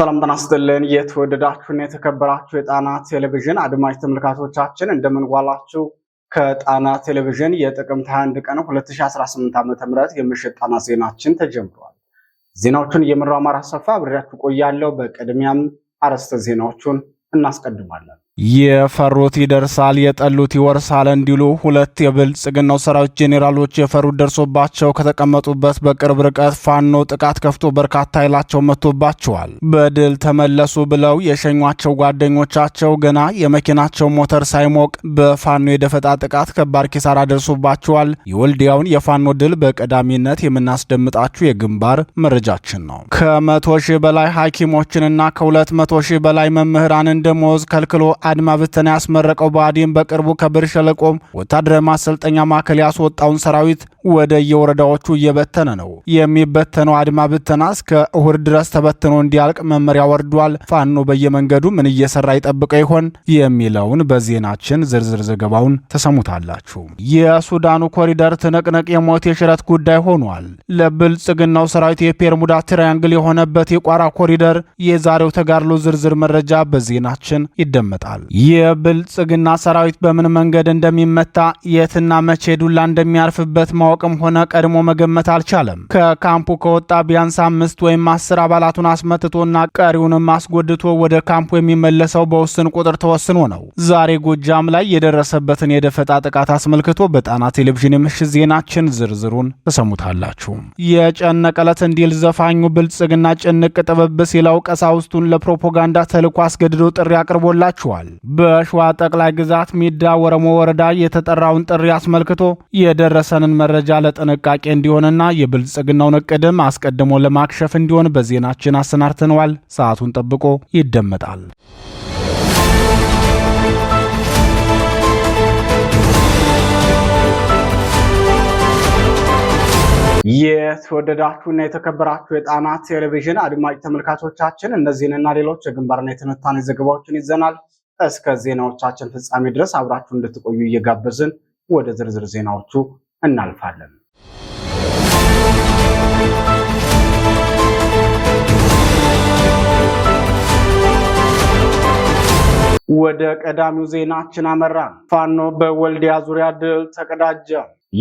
ሰላም ጤና ይስጥልን። የተወደዳችሁና የተከበራችሁ የጣና ቴሌቪዥን አድማጭ ተመልካቾቻችን እንደምንጓላችሁ። ከጣና ቴሌቪዥን የጥቅምት 21 ቀን 2018 ዓ.ም የምሽት ጣና ዜናችን ተጀምሯል። ዜናዎቹን እየመራው አማራ ሰፋ አብሬያችሁ ቆያለሁ። በቅድሚያም አርዕስተ ዜናዎቹን እናስቀድማለን። የፈሩት ይደርሳል የጠሉት ይወርሳል እንዲሉ ሁለት የብልጽግናው ሰራዊት ጄኔራሎች የፈሩት ደርሶባቸው ከተቀመጡበት በቅርብ ርቀት ፋኖ ጥቃት ከፍቶ በርካታ ኃይላቸው መጥቶባቸዋል። በድል ተመለሱ ብለው የሸኟቸው ጓደኞቻቸው ገና የመኪናቸው ሞተር ሳይሞቅ በፋኖ የደፈጣ ጥቃት ከባድ ኪሳራ ደርሶባቸዋል። የወልዲያውን የፋኖ ድል በቀዳሚነት የምናስደምጣችሁ የግንባር መረጃችን ነው። ከመቶ ሺህ በላይ ሐኪሞችንና ከሁለት መቶ ሺህ በላይ መምህራንን ደሞዝ ከልክሎ አድማ ብተና ያስመረቀው ብአዴን በቅርቡ ከብር ሸለቆም ወታደራዊ ማሰልጠኛ ማዕከል ያስወጣውን ሰራዊት ወደ የወረዳዎቹ እየበተነ ነው። የሚበተነው አድማ ብተና እስከ እሁድ ድረስ ተበትኖ እንዲያልቅ መመሪያ ወርዷል። ፋኖ በየመንገዱ ምን እየሰራ ይጠብቀው ይሆን የሚለውን በዜናችን ዝርዝር ዘገባውን ተሰሙታላችሁ። የሱዳኑ ኮሪደር ትንቅንቅ የሞት የሽረት ጉዳይ ሆኗል። ለብልጽግናው ሰራዊት የፔርሙዳ ትራያንግል የሆነበት የቋራ ኮሪደር የዛሬው ተጋድሎ ዝርዝር መረጃ በዜናችን ይደመጣል። ተናግረዋል። የብልጽግና ሰራዊት በምን መንገድ እንደሚመታ የትና መቼ ዱላ እንደሚያርፍበት ማወቅም ሆነ ቀድሞ መገመት አልቻለም። ከካምፑ ከወጣ ቢያንስ አምስት ወይም አስር አባላቱን አስመትቶና ቀሪውንም አስጎድቶ ወደ ካምፑ የሚመለሰው በውስን ቁጥር ተወስኖ ነው። ዛሬ ጎጃም ላይ የደረሰበትን የደፈጣ ጥቃት አስመልክቶ በጣና ቴሌቪዥን የምሽት ዜናችን ዝርዝሩን ተሰሙታላችሁ። የጨነቀለት እንዲል ዘፋኙ ብልጽግና ጭንቅ ጥበብ ሲለው ቀሳውስቱን ለፕሮፓጋንዳ ተልኮ አስገድዶ ጥሪ አቅርቦላችኋል። ተናግረዋል። በሸዋ ጠቅላይ ግዛት ሚዳ ወረሞ ወረዳ የተጠራውን ጥሪ አስመልክቶ የደረሰንን መረጃ ለጥንቃቄ እንዲሆንና የብልጽግናውን እቅድም አስቀድሞ ለማክሸፍ እንዲሆን በዜናችን አሰናድተነዋል። ሰዓቱን ጠብቆ ይደመጣል። የተወደዳችሁና የተከበራችሁ የጣና ቴሌቪዥን አድማጭ ተመልካቾቻችን እነዚህንና ሌሎች የግንባርና የትንታኔ ዘገባዎችን ይዘናል። እስከ ዜናዎቻችን ፍጻሜ ድረስ አብራችሁ እንድትቆዩ እየጋበዝን ወደ ዝርዝር ዜናዎቹ እናልፋለን። ወደ ቀዳሚው ዜናችን አመራ። ፋኖ በወልዲያ ዙሪያ ድል ተቀዳጀ።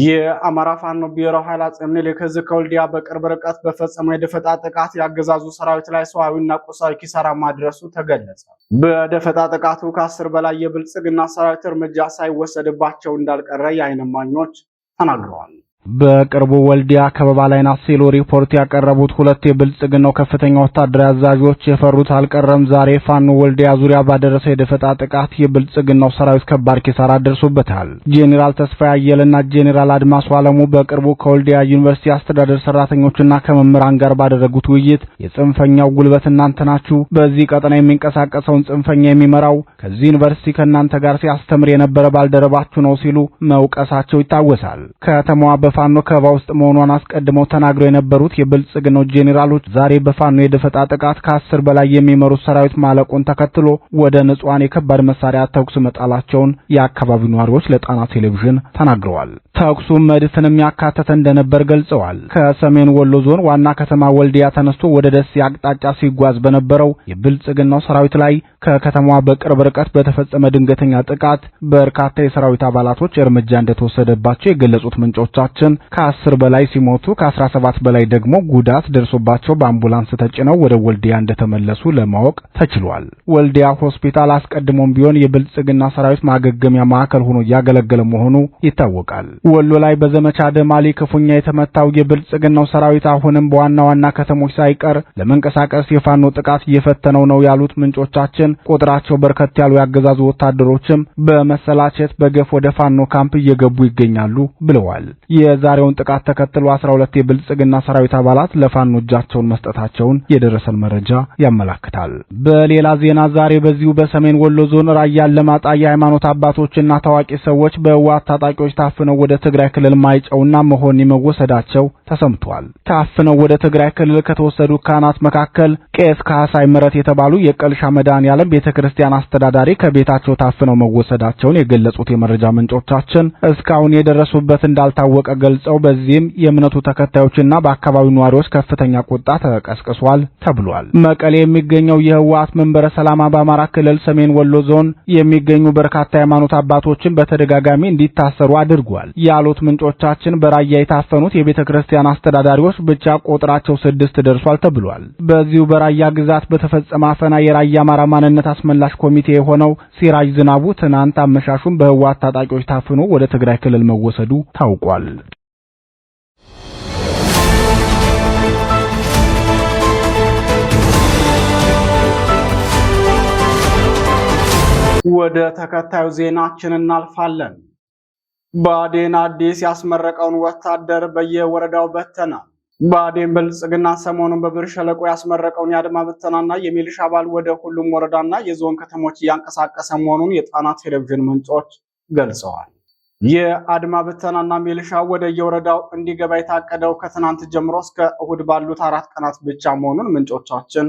የአማራ ፋኖ ብሔራዊ ኃይል አፄ ምኒልክ ዕዝ ከወልዲያ በቅርብ ርቀት በፈጸመው የደፈጣ ጥቃት ያገዛዙ ሰራዊት ላይ ሰዋዊና ቁሳዊ ኪሳራ ማድረሱ ተገለጸ። በደፈጣ ጥቃቱ ከአስር በላይ የብልጽግና ሰራዊት እርምጃ ሳይወሰድባቸው እንዳልቀረ የአይን እማኞች ተናግረዋል። በቅርቡ ወልዲያ ከበባ ላይ ናት ሲሉ ሪፖርት ያቀረቡት ሁለት የብልጽግናው ከፍተኛ ወታደራዊ አዛዦች የፈሩት አልቀረም። ዛሬ ፋኖ ወልዲያ ዙሪያ ባደረሰው የደፈጣ ጥቃት የብልጽግናው ሰራዊት ከባድ ኪሳራ ደርሶበታል። ጄኔራል ተስፋ አየለና ጄኔራል አድማሱ አለሙ በቅርቡ ከወልዲያ ዩኒቨርሲቲ አስተዳደር ሰራተኞችና ከመምህራን ጋር ባደረጉት ውይይት የጽንፈኛው ጉልበት እናንተ ናችሁ፣ በዚህ ቀጠና የሚንቀሳቀሰውን ጽንፈኛ የሚመራው ከዚህ ዩኒቨርሲቲ ከእናንተ ጋር ሲያስተምር የነበረ ባልደረባችሁ ነው ሲሉ መውቀሳቸው ይታወሳል። ከተማዋ በፋኖ ከበባ ውስጥ መሆኗን አስቀድመው ተናግረው የነበሩት የብልጽግናው ጄኔራሎች ዛሬ በፋኖ የደፈጣ ጥቃት ከአስር በላይ የሚመሩት ሰራዊት ማለቁን ተከትሎ ወደ ንጹሐን የከባድ መሳሪያ ተኩስ መጣላቸውን የአካባቢው ነዋሪዎች ለጣና ቴሌቪዥን ተናግረዋል። ተኩሱ መድፍንም ያካተተ እንደነበር ገልጸዋል። ከሰሜን ወሎ ዞን ዋና ከተማ ወልዲያ ተነስቶ ወደ ደሴ አቅጣጫ ሲጓዝ በነበረው የብልጽግናው ሰራዊት ላይ ከከተማዋ በቅርብ ርቀት በተፈጸመ ድንገተኛ ጥቃት በርካታ የሰራዊት አባላቶች እርምጃ እንደተወሰደባቸው የገለጹት ምንጮቻቸው ሰዎችን ከአስር በላይ ሲሞቱ ከአስራ ሰባት በላይ ደግሞ ጉዳት ደርሶባቸው በአምቡላንስ ተጭነው ወደ ወልዲያ እንደተመለሱ ለማወቅ ተችሏል። ወልዲያ ሆስፒታል አስቀድሞም ቢሆን የብልጽግና ሰራዊት ማገገሚያ ማዕከል ሆኖ እያገለገለ መሆኑ ይታወቃል። ወሎ ላይ በዘመቻ ደማሊ ክፉኛ የተመታው የብልጽግናው ሰራዊት አሁንም በዋና ዋና ከተሞች ሳይቀር ለመንቀሳቀስ የፋኖ ጥቃት እየፈተነው ነው ያሉት ምንጮቻችን ቁጥራቸው በርከት ያሉ ያገዛዙ ወታደሮችም በመሰላቸት በገፍ ወደ ፋኖ ካምፕ እየገቡ ይገኛሉ ብለዋል። የዛሬውን ጥቃት ተከትሎ 12 የብልጽግና ሰራዊት አባላት ለፋኖ እጃቸውን መስጠታቸውን የደረሰን መረጃ ያመላክታል። በሌላ ዜና ዛሬ በዚሁ በሰሜን ወሎ ዞን ራያ አላማጣ የሃይማኖት አባቶችና ታዋቂ ሰዎች በህወሓት ታጣቂዎች ታፍነው ወደ ትግራይ ክልል ማይጨውና መሆን መወሰዳቸው ተሰምቷል። ታፍነው ወደ ትግራይ ክልል ከተወሰዱ ካህናት መካከል ቄስ ካህሳይ ምረት የተባሉ የቀልሻ መድኃኔዓለም ቤተ ክርስቲያን አስተዳዳሪ ከቤታቸው ታፍነው መወሰዳቸውን የገለጹት የመረጃ ምንጮቻችን እስካሁን የደረሱበት እንዳልታወቀ ገልጸው በዚህም የእምነቱ ተከታዮችና በአካባቢው ነዋሪዎች ከፍተኛ ቁጣ ተቀስቅሷል ተብሏል። መቀሌ የሚገኘው የህወሓት መንበረ ሰላማ በአማራ ክልል ሰሜን ወሎ ዞን የሚገኙ በርካታ የሃይማኖት አባቶችን በተደጋጋሚ እንዲታሰሩ አድርጓል ያሉት ምንጮቻችን በራያ የታፈኑት የቤተ ክርስቲያን ክርስቲያን አስተዳዳሪዎች ብቻ ቁጥራቸው ስድስት ደርሷል ተብሏል። በዚሁ በራያ ግዛት በተፈጸመ አፈና የራያ አማራ ማንነት አስመላሽ ኮሚቴ የሆነው ሲራጅ ዝናቡ ትናንት አመሻሹን በህወሓት ታጣቂዎች ታፍኖ ወደ ትግራይ ክልል መወሰዱ ታውቋል። ወደ ተከታዩ ዜናችን እናልፋለን። ብአዴን አዲስ ያስመረቀውን ወታደር በየወረዳው በተና። ብአዴን ብልጽግና ሰሞኑን በብር ሸለቆ ያስመረቀውን የአድማ ብተናና የሚሊሻ አባል ወደ ሁሉም ወረዳና የዞን ከተሞች እያንቀሳቀሰ መሆኑን የጣና ቴሌቪዥን ምንጮች ገልጸዋል። የአድማ ብተናና ሚሊሻ ወደ የወረዳው እንዲገባ የታቀደው ከትናንት ጀምሮ እስከ እሁድ ባሉት አራት ቀናት ብቻ መሆኑን ምንጮቻችን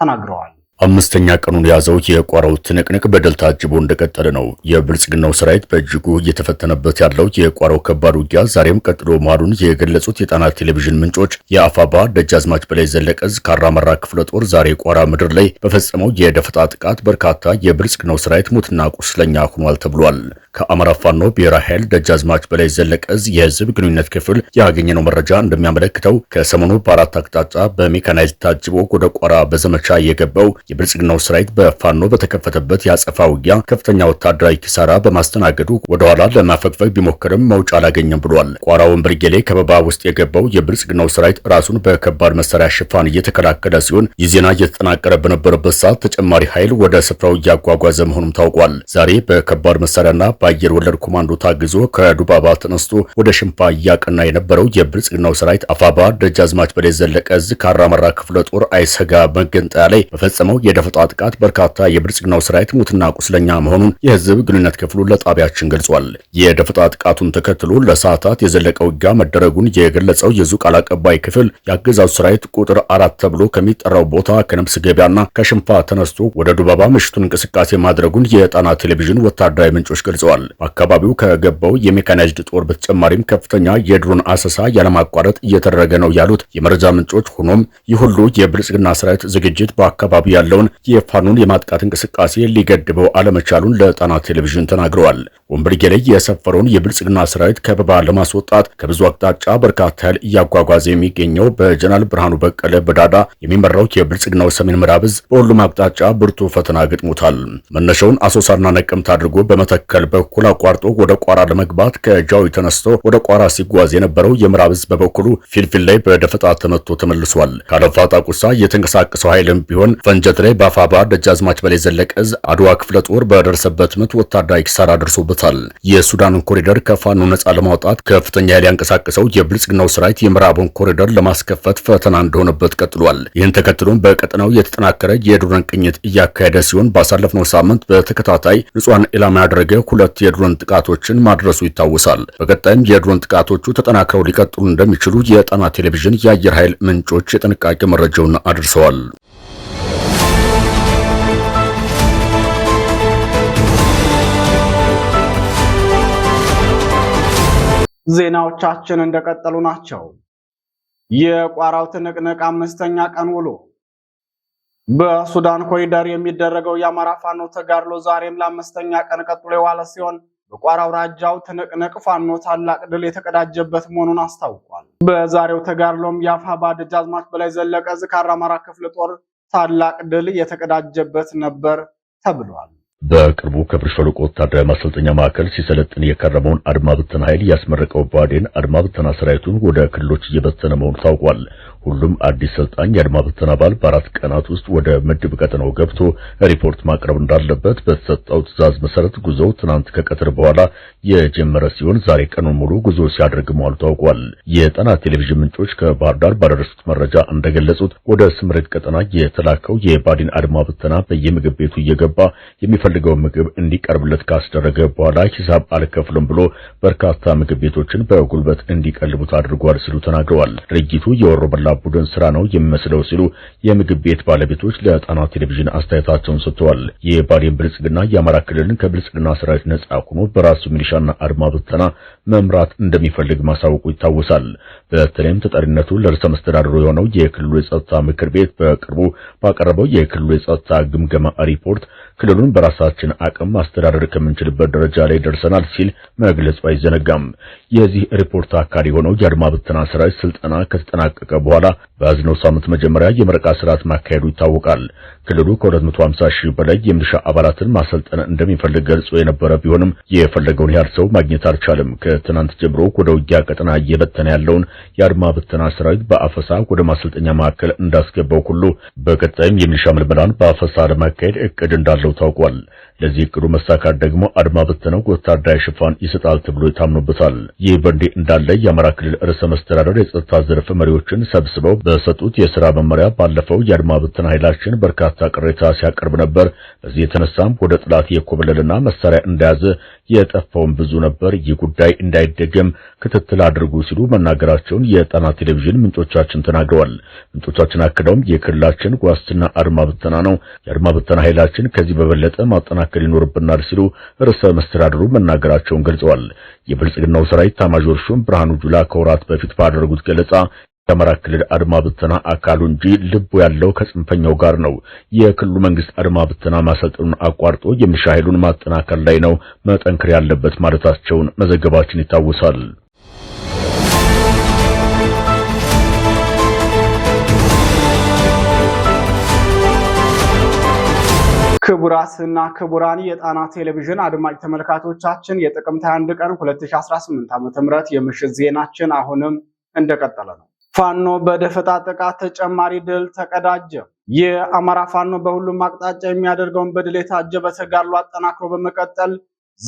ተናግረዋል። አምስተኛ ቀኑን የያዘው የቋራው ትንቅንቅ በድል ታጅቦ እንደቀጠለ ነው። የብልጽግናው ሰራዊት በእጅጉ እየተፈተነበት ያለው የቋራው ከባድ ውጊያ ዛሬም ቀጥሎ መዋሉን የገለጹት የጣና ቴሌቪዥን ምንጮች የአፋባ ደጃዝማች በላይ ዘለቀዝ ካራመራ ክፍለ ጦር ዛሬ ቋራ ምድር ላይ በፈጸመው የደፈጣ ጥቃት በርካታ የብልጽግናው ሰራዊት ሙትና ቁስለኛ ሆኗል ተብሏል። ከአማራ ፋኖ ብሔራዊ ኃይል ደጃዝማች በላይ ዘለቀዝ የህዝብ ግንኙነት ክፍል ያገኘነው መረጃ እንደሚያመለክተው ከሰሞኑ በአራት አቅጣጫ በሜካናይዝ ታጅቦ ወደ ቋራ በዘመቻ የገባው የብልጽግናው ሰራዊት በፋኖ በተከፈተበት የአጸፋ ውጊያ ከፍተኛ ወታደራዊ ኪሳራ በማስተናገዱ ወደኋላ ለማፈግፈግ ቢሞክርም መውጫ አላገኘም ብሏል። ቋራውን ብርጌሌ ከበባ ውስጥ የገባው የብልጽግናው ሰራዊት ራሱን በከባድ መሳሪያ ሽፋን እየተከላከለ ሲሆን ይህ ዜና እየተጠናቀረ በነበረበት ሰዓት ተጨማሪ ኃይል ወደ ስፍራው እያጓጓዘ መሆኑም ታውቋል። ዛሬ በከባድ መሳሪያና በአየር ወለድ ኮማንዶ ታግዞ ከዱባባ ተነስቶ ወደ ሽንፋ እያቀና የነበረው የብልጽግናው ሰራዊት አፋባ ደጃዝማች በላይ ዘለቀ እዝ ከአራመራ ክፍለ ጦር አይሰጋ መገንጠያ ላይ በፈጸመው በተፈጸመው የደፈጣ ጥቃት በርካታ የብልጽግናው ሰራዊት ሙትና ቁስለኛ መሆኑን የህዝብ ግንኙነት ክፍሉ ለጣቢያችን ገልጿል። የደፈጣ ጥቃቱን ተከትሎ ለሰዓታት የዘለቀ ውጊያ መደረጉን የገለጸው የዙ ቃል አቀባይ ክፍል የአገዛዙ ሰራዊት ቁጥር አራት ተብሎ ከሚጠራው ቦታ ከነብስ ገቢያና ከሽንፋ ተነስቶ ወደ ዱባባ ምሽቱን እንቅስቃሴ ማድረጉን የጣና ቴሌቪዥን ወታደራዊ ምንጮች ገልጸዋል። በአካባቢው ከገባው የሜካናይዝድ ጦር በተጨማሪም ከፍተኛ የድሮን አሰሳ ያለማቋረጥ እየተደረገ ነው ያሉት የመረጃ ምንጮች፣ ሆኖም ይህ ሁሉ የብልጽግና ሰራዊት ዝግጅት በአካባቢው ያለውን የፋኖን የማጥቃት እንቅስቃሴ ሊገድበው አለመቻሉን ለጣና ቴሌቪዥን ተናግረዋል። ወንበርጌ ላይ የሰፈረውን የብልጽግና ሰራዊት ከበባ ለማስወጣት ከብዙ አቅጣጫ በርካታ ኃይል እያጓጓዘ የሚገኘው በጀነራል ብርሃኑ በቀለ በዳዳ የሚመራው የብልጽግናው ሰሜን ምዕራብ እዝ በሁሉም አቅጣጫ ብርቱ ፈተና ገጥሞታል። መነሻውን አሶሳና ነቀምት አድርጎ በመተከል በኩል አቋርጦ ወደ ቋራ ለመግባት ከጃዊ ተነስቶ ወደ ቋራ ሲጓዝ የነበረው የምዕራብ እዝ በበኩሉ ፊልፊል ላይ በደፈጣ ተመቶ ተመልሷል። ካለፋጣ ቁሳ የተንቀሳቀሰው ኃይልም ቢሆን ፈንጀ በተለይ በአፋባ ደጃዝማች በላይ ዘለቀ እዝ አድዋ ክፍለ ጦር በደረሰበት ምት ወታደራዊ ኪሳራ ደርሶበታል። የሱዳንን ኮሪደር ከፋኖ ነፃ ለማውጣት ከፍተኛ ኃይል ያንቀሳቀሰው የብልጽግናው ሰራዊት የምዕራቡን ኮሪደር ለማስከፈት ፈተና እንደሆነበት ቀጥሏል። ይህን ተከትሎም በቀጠናው የተጠናከረ የድሮን ቅኝት እያካሄደ ሲሆን ባሳለፍነው ሳምንት በተከታታይ ንጹሐን ኢላማ ያደረገ ሁለት የድሮን ጥቃቶችን ማድረሱ ይታወሳል። በቀጣይም የድሮን ጥቃቶቹ ተጠናክረው ሊቀጥሉ እንደሚችሉ የጣና ቴሌቪዥን የአየር ኃይል ምንጮች የጥንቃቄ መረጃውን አድርሰዋል። ዜናዎቻችን እንደቀጠሉ ናቸው። የቋራው ትንቅንቅ አምስተኛ ቀን ውሎ። በሱዳን ኮሪደር የሚደረገው የአማራ ፋኖ ተጋድሎ ዛሬም ለአምስተኛ ቀን ቀጥሎ የዋለ ሲሆን በቋራው ራጃው ትንቅንቅ ፋኖ ታላቅ ድል የተቀዳጀበት መሆኑን አስታውቋል። በዛሬው ተጋድሎም የአፋባ ደጃዝማች በላይ ዘለቀ ዝካራ አማራ ክፍለ ጦር ታላቅ ድል የተቀዳጀበት ነበር ተብሏል። በቅርቡ ከብር ሸለቆ ወታደራዊ ማሰልጠኛ ማዕከል ሲሰለጥን የከረመውን አድማ ብተና ኃይል ያስመረቀው ብአዴን አድማ ብተና ሰራዊቱን ወደ ክልሎች እየበተነ መሆኑ ታውቋል። ሁሉም አዲስ ሰልጣኝ የአድማ ብተና አባል በአራት ቀናት ውስጥ ወደ ምድብ ቀጠናው ገብቶ ሪፖርት ማቅረብ እንዳለበት በተሰጠው ትዕዛዝ መሰረት ጉዞው ትናንት ከቀትር በኋላ የጀመረ ሲሆን ዛሬ ቀኑን ሙሉ ጉዞ ሲያደርግ መዋሉ ታውቋል። የጣና ቴሌቪዥን ምንጮች ከባህር ዳር ባደረሱት መረጃ እንደገለጹት ወደ ስምረት ቀጠና የተላከው የብአዴን አድማ ብተና በየምግብ ቤቱ እየገባ የሚፈ የሚፈልገው ምግብ እንዲቀርብለት ካስደረገ በኋላ ሂሳብ አልከፍልም ብሎ በርካታ ምግብ ቤቶችን በጉልበት እንዲቀልቡት አድርጓል ሲሉ ተናግረዋል። የወሮ የወሮበላ ቡድን ስራ ነው የሚመስለው ሲሉ የምግብ ቤት ባለቤቶች ለጣና ቴሌቪዥን አስተያየታቸውን ሰጥተዋል። የባዴን ብልጽግና የአማራ ክልልን ከብልጽግና ሰራዊት ነጻ ሆኖ በራሱ ሚሊሻና አድማ ብተና መምራት እንደሚፈልግ ማሳወቁ ይታወሳል። በተለይም ተጠሪነቱ ለርዕሰ መስተዳድሩ የሆነው የክልሉ የጸጥታ ምክር ቤት በቅርቡ ባቀረበው የክልሉ የጸጥታ ግምገማ ሪፖርት ክልሉን በራሳ በራሳችን አቅም ማስተዳደር ከምንችልበት ደረጃ ላይ ደርሰናል ሲል መግለጹ አይዘነጋም። የዚህ ሪፖርት አካል የሆነው የአድማ ብተና ሰራዊት ስልጠና ከተጠናቀቀ በኋላ በያዝነው ሳምንት መጀመሪያ የምረቃ ስርዓት ማካሄዱ ይታወቃል። ክልሉ ከ250 ሺህ በላይ የሚሊሻ አባላትን ማሰልጠን እንደሚፈልግ ገልጾ የነበረ ቢሆንም የፈለገውን ያህል ሰው ማግኘት አልቻለም። ከትናንት ጀምሮ ወደ ውጊያ ቀጠና እየበተነ ያለውን የአድማ ብተና ሰራዊት በአፈሳ ወደ ማሰልጠኛ ማዕከል እንዳስገባው ሁሉ በቀጣይም የሚሊሻ ምልመላን በአፈሳ ለማካሄድ እቅድ እንዳለው ታውቋል። ለዚህ እቅዱ መሳካት ደግሞ አድማ በተነው ወታደራዊ ሽፋን ይሰጣል ተብሎ ታምኖበታል። ይህ በእንዲህ እንዳለ የአማራ ክልል ርዕሰ መስተዳደር የጸጥታ ዘርፍ መሪዎችን ሰብስበው በሰጡት የሥራ መመሪያ ባለፈው የአድማ በተና ኃይላችን በርካታ ቅሬታ ሲያቀርብ ነበር። በዚህ የተነሳም ወደ ጥላት የኮበለልና መሳሪያ እንደያዘ የጠፋውን ብዙ ነበር። ይህ ጉዳይ እንዳይደገም ክትትል አድርጉ ሲሉ መናገራቸውን የጣና ቴሌቪዥን ምንጮቻችን ተናግረዋል። ምንጮቻችን አክለውም የክልላችን ዋስትና አድማ በተና ነው። የአድማ በተና ኃይላችን ከዚህ በበለጠ ማጠናከር ይኖርብናል ሲሉ ርዕሰ መስተዳድሩ መናገራቸውን ገልጸዋል። የብልጽግናው ሰራዊት ኤታማዦር ሹም ብርሃኑ ጁላ ከወራት በፊት ባደረጉት ገለጻ የአማራ ክልል አድማ ብተና አካሉ እንጂ ልቡ ያለው ከጽንፈኛው ጋር ነው። የክልሉ መንግስት አድማ ብተና ማሰልጠኑን አቋርጦ የሚሊሻ ኃይሉን ማጠናከር ላይ ነው መጠንከር ያለበት ማለታቸውን መዘገባችን ይታወሳል። ክቡራትና ክቡራን የጣና ቴሌቪዥን አድማጭ ተመልካቾቻችን የጥቅምት 21 ቀን 2018 ዓ.ም የምሽት ዜናችን አሁንም እንደቀጠለ ነው። ፋኖ በደፈጣ ጥቃት ተጨማሪ ድል ተቀዳጀ። የአማራ ፋኖ በሁሉም አቅጣጫ የሚያደርገውን በድል የታጀበ ተጋድሎ አጠናክሮ በመቀጠል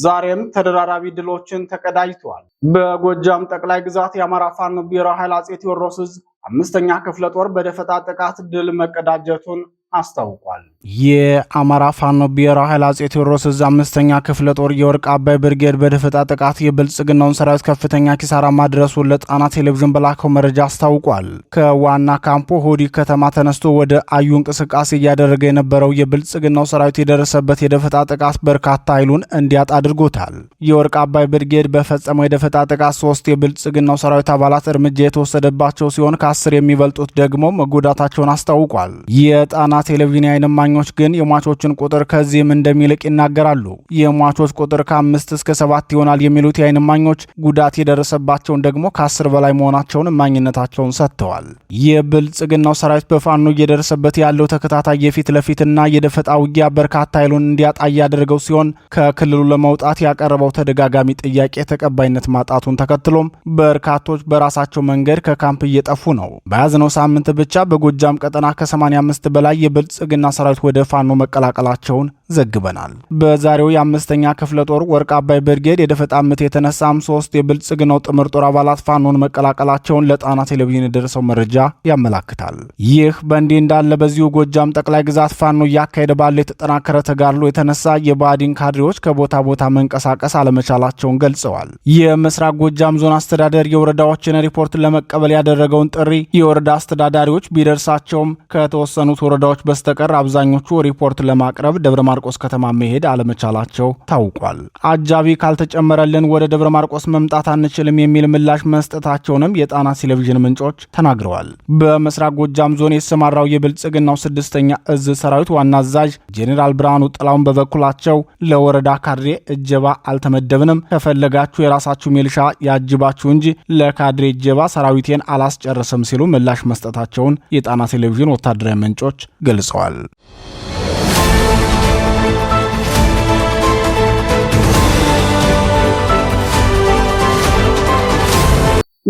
ዛሬም ተደራራቢ ድሎችን ተቀዳጅተዋል። በጎጃም ጠቅላይ ግዛት የአማራ ፋኖ ብሔራዊ ኃይል አጼ ቴዎድሮስ ዕዝ አምስተኛ ክፍለ ጦር በደፈጣ ጥቃት ድል መቀዳጀቱን አስታውቋል። የአማራ ፋኖ ብሔራዊ ኃይል አፄ ቴዎድሮስ እዝ አምስተኛ ክፍለ ጦር የወርቅ አባይ ብርጌድ በደፈጣ ጥቃት የብልጽግናውን ሰራዊት ከፍተኛ ኪሳራ ማድረሱን ለጣና ቴሌቪዥን በላከው መረጃ አስታውቋል። ከዋና ካምፖ ሆዲ ከተማ ተነስቶ ወደ አዩ እንቅስቃሴ እያደረገ የነበረው የብልጽግናው ሰራዊት የደረሰበት የደፈጣ ጥቃት በርካታ ኃይሉን እንዲያጣ አድርጎታል። የወርቅ አባይ ብርጌድ በፈጸመው የደፈጣ ጥቃት ሶስት የብልጽግናው ሰራዊት አባላት እርምጃ የተወሰደባቸው ሲሆን ከአስር የሚበልጡት ደግሞ መጎዳታቸውን አስታውቋል። የጣና ቴሌቪዥን አይንማኝ ቁስለኞች ግን የሟቾችን ቁጥር ከዚህም እንደሚልቅ ይናገራሉ። የሟቾች ቁጥር ከአምስት እስከ ሰባት ይሆናል የሚሉት የአይን እማኞች ጉዳት የደረሰባቸውን ደግሞ ከአስር በላይ መሆናቸውን እማኝነታቸውን ሰጥተዋል። የብልጽግናው ሰራዊት በፋኖ እየደረሰበት ያለው ተከታታይ የፊት ለፊትና የደፈጣ ውጊያ በርካታ ኃይሉን እንዲያጣ እያደረገው ሲሆን ከክልሉ ለመውጣት ያቀረበው ተደጋጋሚ ጥያቄ ተቀባይነት ማጣቱን ተከትሎም በርካቶች በራሳቸው መንገድ ከካምፕ እየጠፉ ነው። በያዝነው ሳምንት ብቻ በጎጃም ቀጠና ከ85 በላይ የብልጽግና ሰራዊት ወደ ፋኖ መቀላቀላቸውን ዘግበናል። በዛሬው የአምስተኛ ክፍለ ጦር ወርቅ አባይ ብርጌድ የደፈጣ ምት የተነሳም ሶስት የብልጽግናው ጥምር ጦር አባላት ፋኖን መቀላቀላቸውን ለጣና ቴሌቪዥን የደረሰው መረጃ ያመላክታል። ይህ በእንዲህ እንዳለ በዚሁ ጎጃም ጠቅላይ ግዛት ፋኖ እያካሄደ ባለ የተጠናከረ ተጋድሎ የተነሳ የባዲን ካድሬዎች ከቦታ ቦታ መንቀሳቀስ አለመቻላቸውን ገልጸዋል። የምስራቅ ጎጃም ዞን አስተዳደር የወረዳዎችን ሪፖርት ለመቀበል ያደረገውን ጥሪ የወረዳ አስተዳዳሪዎች ቢደርሳቸውም ከተወሰኑት ወረዳዎች በስተቀር አብዛኞቹ ሪፖርት ለማቅረብ ደብረ ማርቆስ ከተማ መሄድ አለመቻላቸው ታውቋል። አጃቢ ካልተጨመረልን ወደ ደብረ ማርቆስ መምጣት አንችልም የሚል ምላሽ መስጠታቸውንም የጣና ቴሌቪዥን ምንጮች ተናግረዋል። በምስራቅ ጎጃም ዞን የተሰማራው የብልጽግናው ስድስተኛ እዝ ሰራዊት ዋና አዛዥ ጄኔራል ብርሃኑ ጥላውን በበኩላቸው ለወረዳ ካድሬ እጀባ አልተመደብንም፣ ከፈለጋችሁ የራሳችሁ ሚልሻ ያጅባችሁ እንጂ ለካድሬ እጀባ ሰራዊቴን አላስጨርስም ሲሉ ምላሽ መስጠታቸውን የጣና ቴሌቪዥን ወታደራዊ ምንጮች ገልጸዋል።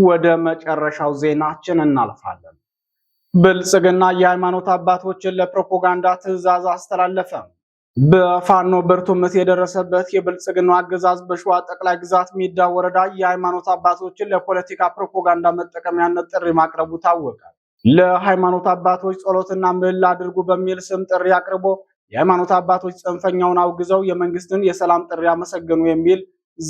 ወደ መጨረሻው ዜናችን እናልፋለን። ብልጽግና የሃይማኖት አባቶችን ለፕሮፓጋንዳ ትዕዛዝ አስተላለፈ። በፋኖ ብርቱ ምት የደረሰበት የብልጽግና አገዛዝ በሸዋ ጠቅላይ ግዛት ሚዳ ወረዳ የሃይማኖት አባቶችን ለፖለቲካ ፕሮፓጋንዳ መጠቀሚያነት ጥሪ ማቅረቡ ታወቀ። ለሃይማኖት አባቶች ጸሎትና ምህላ አድርጉ በሚል ስም ጥሪ አቅርቦ የሃይማኖት አባቶች ጽንፈኛውን አውግዘው የመንግስትን የሰላም ጥሪ አመሰገኑ የሚል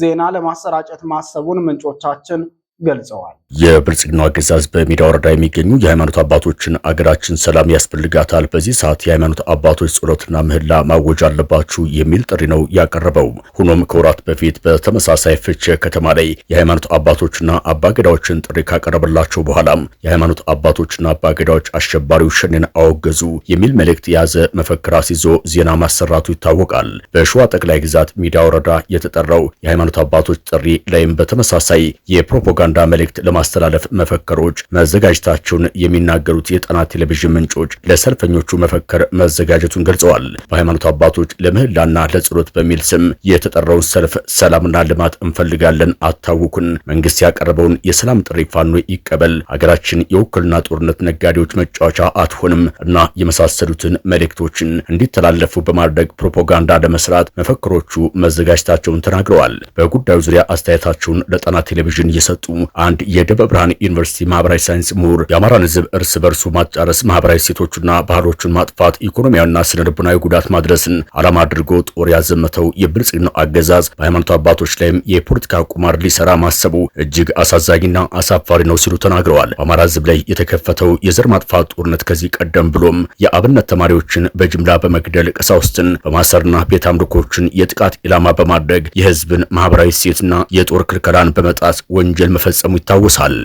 ዜና ለማሰራጨት ማሰቡን ምንጮቻችን ገልጸዋል። የብልጽግናው አገዛዝ በሚዳ ወረዳ የሚገኙ የሃይማኖት አባቶችን አገራችን ሰላም ያስፈልጋታል፣ በዚህ ሰዓት የሃይማኖት አባቶች ጸሎትና ምህላ ማወጅ አለባችሁ የሚል ጥሪ ነው ያቀረበው። ሆኖም ከወራት በፊት በተመሳሳይ ፍቼ ከተማ ላይ የሃይማኖት አባቶችና አባገዳዎችን ጥሪ ካቀረበላቸው በኋላም የሃይማኖት አባቶችና አባገዳዎች አሸባሪው ሸኔን አወገዙ የሚል መልእክት የያዘ መፈክር አስይዞ ዜና ማሰራቱ ይታወቃል። በሸዋ ጠቅላይ ግዛት ሚዳ ወረዳ የተጠራው የሃይማኖት አባቶች ጥሪ ላይም በተመሳሳይ የፕሮፓጋንዳ መልእክት ለማስተላለፍ መፈክሮች መዘጋጀታቸውን የሚናገሩት የጣና ቴሌቪዥን ምንጮች ለሰልፈኞቹ መፈክር መዘጋጀቱን ገልጸዋል። በሃይማኖት አባቶች ለምህላና ለጸሎት በሚል ስም የተጠራውን ሰልፍ ሰላምና ልማት እንፈልጋለን፣ አታውኩን፣ መንግስት ያቀረበውን የሰላም ጥሪ ፋኖ ይቀበል፣ ሀገራችን የውክልና ጦርነት ነጋዴዎች መጫወቻ አትሆንም እና የመሳሰሉትን መልእክቶችን እንዲተላለፉ በማድረግ ፕሮፓጋንዳ ለመስራት መፈክሮቹ መዘጋጀታቸውን ተናግረዋል። በጉዳዩ ዙሪያ አስተያየታቸውን ለጣና ቴሌቪዥን የሰጡ አንድ የ የደብረ ብርሃን ዩኒቨርሲቲ ማህበራዊ ሳይንስ ምሁር የአማራን ህዝብ እርስ በርሱ ማጫረስ ማህበራዊ ሴቶቹና ባህሎቹን ማጥፋት ኢኮኖሚያዊና ስነ ልቡናዊ ጉዳት ማድረስን ዓላማ አድርጎ ጦር ያዘመተው የብልጽግናው አገዛዝ በሃይማኖት አባቶች ላይም የፖለቲካ ቁማር ሊሰራ ማሰቡ እጅግ አሳዛኝና አሳፋሪ ነው ሲሉ ተናግረዋል። በአማራ ህዝብ ላይ የተከፈተው የዘር ማጥፋት ጦርነት ከዚህ ቀደም ብሎም የአብነት ተማሪዎችን በጅምላ በመግደል ቀሳውስትን በማሰርና ቤት አምልኮችን የጥቃት ኢላማ በማድረግ የህዝብን ማህበራዊ ሴትና የጦር ክልከላን በመጣስ ወንጀል መፈጸሙ ይታወሳል። ይደርሳል።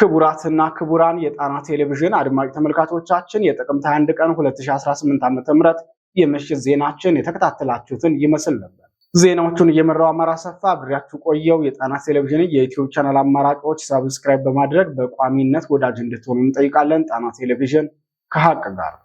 ክቡራትና ክቡራን የጣና ቴሌቪዥን አድማጭ ተመልካቾቻችን የጥቅምት 21 ቀን 2018 ዓ.ም የምሽት ዜናችን የተከታተላችሁትን ይመስል ነበር። ዜናዎቹን እየመራው አማራ ሰፋ ብሬያችሁ ቆየው። የጣና ቴሌቪዥን የዩቲዩብ ቻናል አማራጮች ሰብስክራይብ በማድረግ በቋሚነት ወዳጅ እንድትሆኑ እንጠይቃለን። ጣና ቴሌቪዥን ከሀቅ ጋር